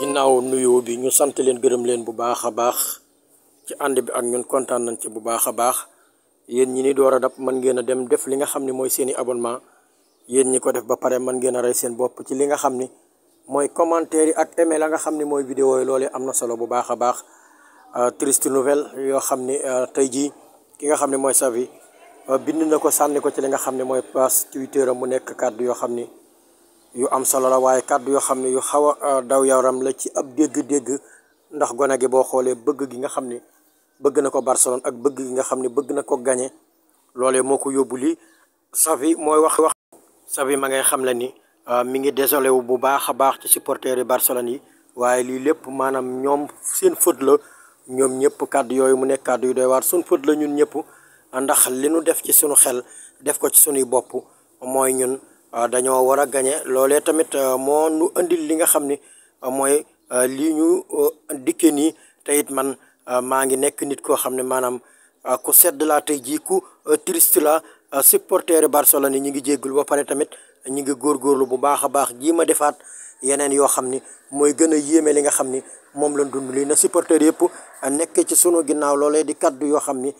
ginnaaw nuyoo bi ñu sant leen gërëm leen bu baax a baax ci ànd bi ak ñun kontaan nañ ci bu baax a baax yéen ñi ni door a dab mën ngeen a dem def li nga xam ne mooy seen i abonnement yéen ñi ko def ba pare mën ngeen a rey seen bopp ci li nga xam ni mooy commentaire yi ak aimé la nga xam ne mooy vidéo yi loolu am na solo bu baax a baax euh, triste nouvelle yoo xam ni euh, tey jii ki nga xam ne mooy Xavi euh, bind na ko sànni ko ci li nga xam ne mooy page Twitter mu nekk kàddu yoo xam ni yu am solo la waaye kàddu yoo xam ne yu xaw a euh, daw yaram la ci ab dégg-dégg ndax gone gi boo xoolee bëgg gi nga xam ne bëgg na ko Barcelone ak bëgg gi nga xam ne bëgg na ko gagné loole moo ko yóbbu lii Xavi mooy wax wax Xavi ma ngay xam le ni euh, mi ngi désolé wu bu baax a baax ci supporters yi Barcelone yi waaye lii lépp maanaam ñoom seen faute la ñoom ñëpp kàddu yooyu mu nekk kàddu yu doy waat suñ faute la ñun ñëpp ndax li nu def ci suñu xel def ko ci suñuy bopp Ah, dañoo war a gañe loolee tamit ah, moo nu indil li nga xam ni ah, mooy lii ñu dikke nii te it man maa ngi nekk nit koo xam ne maanaam ku sedd laa tey jii ku triste la supporter Barcelone yi ñu ngi jéggul ba pare tamit ñu ngi góorgóorlu bu baax a baax jii ma defaat yeneen yoo xam ni mooy gën a yéeme li nga xam ni moom lañ dund lii na supporter yëpp nekk ci sunu ginnaaw loolee di kaddu yoo xam ni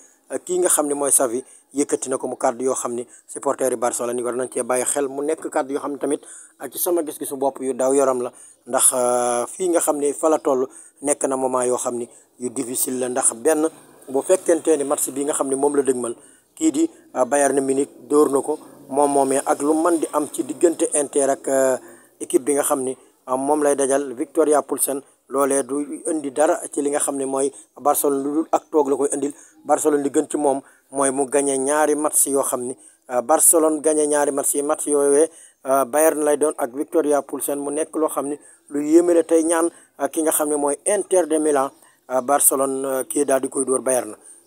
kii nga xam ni mooy Xavi yëkkati na ko mu kàddu yoo xam ne supporters yi Barcelone ni war nañ cee bàyyi xel mu nekk kàddu yoo xam ne tamit ak sama gis-gisu bopp yu daw yaram la ndax euh, fii nga xam ne fa la toll nekk na moment yoo xam ni yu difficile la ndax benn bu fekkentee ni match bi nga xam ne moom la dëgmal kii di euh, Bayern Munich dóor na ko moom moomee ak lu man di am ci diggante Inter ak euh, équipe bi nga xam ni moom lay dajal Victoria Pulsen loole du indi dara ci li nga xam ni mooy Barcelone lu dul ak toog la koy indil Barcelone li gën ci moom mooy mu gagné ñaari match yoo xam ni euh, Barcelone gagné ñaari match yi match yooyee euh, Bayern lay doon ak Victoria Pulsen mu nekk loo xam ni lu yéeme la tey ñaan euh, ki nga xam ne mooy Inter de Milan Barcelone kii daal di koy dóor Bayern na